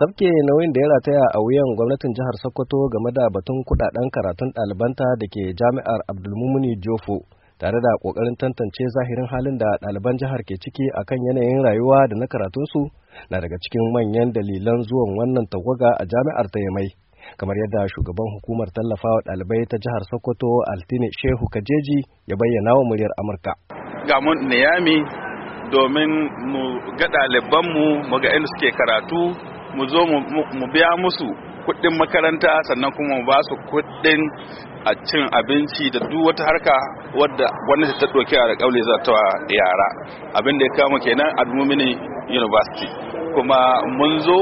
sabke nauyin da ya rataya a wuyan gwamnatin jihar sokoto game da batun kudaden karatun ɗalibanta da ke jami'ar abdulmumuni jofo tare da ƙoƙarin tantance zahirin halin da ɗaliban jihar ke ciki a kan yanayin rayuwa da na karatunsu na daga cikin manyan dalilan zuwan wannan tawaga a jami'ar ta yamai kamar yadda shugaban hukumar tallafawa ɗalibai ta jihar sokoto altine shehu kajeji ya bayyana wa muryar amurka ga mun niyami domin mu ga ɗalibanmu mu ga inda suke karatu mu zo mu biya musu kuɗin makaranta sannan kuma mu ba su kuɗin a cin abinci da duk wata harka wadda gwamnati ta ɗauki da ƙaule za ta yara abin da ya kama kenan admumini university kuma mun zo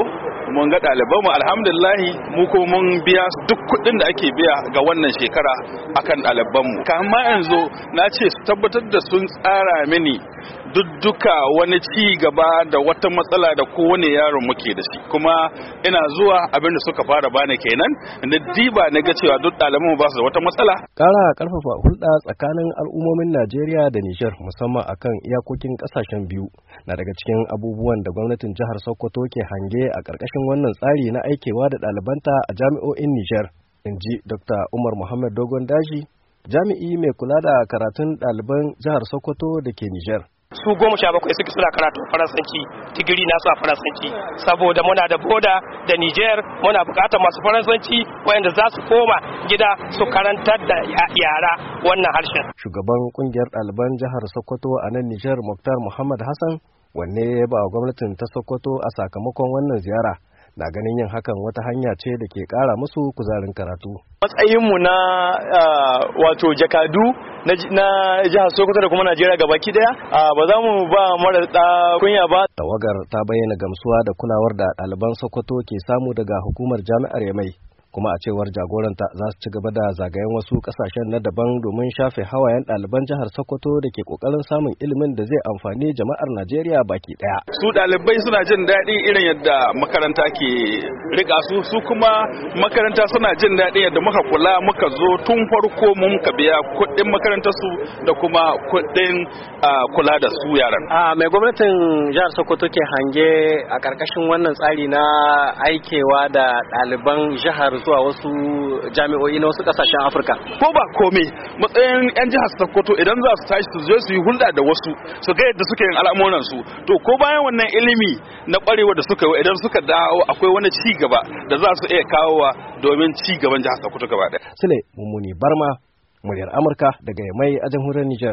mun ga ɗaliban mu alhamdulillahi mu ko mun biya duk kuɗin da ake biya ga wannan shekara akan ɗalibanmu mu kama yanzu na ce su tabbatar da sun tsara mini dudduka wani ci gaba da wata matsala da kowane yaro muke da shi kuma ina zuwa abinda suka fara bani kenan na diba na ga cewa duk ɗaliban ba su da wata matsala ƙara ƙarfafa hulɗa tsakanin al'ummomin Najeriya da Nijar musamman akan iyakokin ƙasashen biyu na daga cikin abubuwan da gwamnatin jihar Sokoto ke hange a ƙarƙashin wannan tsari na aikewa da ɗalibanta a jami'o'in Nijar, in ji Dr. Umar Muhammad Dogon Daji, jami'i mai kula da karatun ɗaliban jihar Sokoto da ke Nijar. su goma sha bakwai suke suna karatu faransanci Tigiri nasu a faransanci saboda muna da boda da Nijar muna bukatar masu faransanci wayanda za su koma gida su karantar da yara wannan harshen shugaban kungiyar ɗaliban jihar sokoto a nan Nijar muktar muhammad hassan wanne ya ba gwamnatin ta sokoto a sakamakon wannan ziyara na ganin yin hakan wata hanya ce da ke kara musu kuzarin karatu. Matsayinmu na wato jakadu na jihar Sokoto da kuma Najeriya baki daya ba za mu ba mara da kunya ba. Tawagar ta bayyana gamsuwa da kulawar da ɗaliban Sokoto ke samu daga hukumar jami'ar Yamai kuma a cewar jagoranta za su ci gaba da zagayen wasu kasashen na daban domin shafe hawayen ɗaliban jihar Sokoto da ke ƙoƙarin samun ilimin da zai amfani jama'ar Najeriya baki ɗaya. Su ɗalibai suna jin daɗi irin yadda makaranta ke riƙa su su kuma makaranta suna jin daɗi yadda muka kula muka zo tun farko mun ka biya kuɗin makaranta su da kuma kuɗin kula da su yaran. A mai gwamnatin jihar Sokoto ke hange a ƙarƙashin wannan tsari na aikewa da ɗaliban jihar zuwa wasu jami'o'i na wasu kasashen afirka ko ba komai matsayin yan jihar sokoto idan za su tashi su zo su yi hulɗa da wasu su ga yadda suka yin al'amuran su to ko bayan wannan ilimi na kwarewa da suka yi idan suka dawo akwai wani ci gaba da za su iya kawowa domin ci gaban jihar sokoto gaba ɗaya sule mummuni barma muryar amurka daga mai a jamhuriyar Nijar.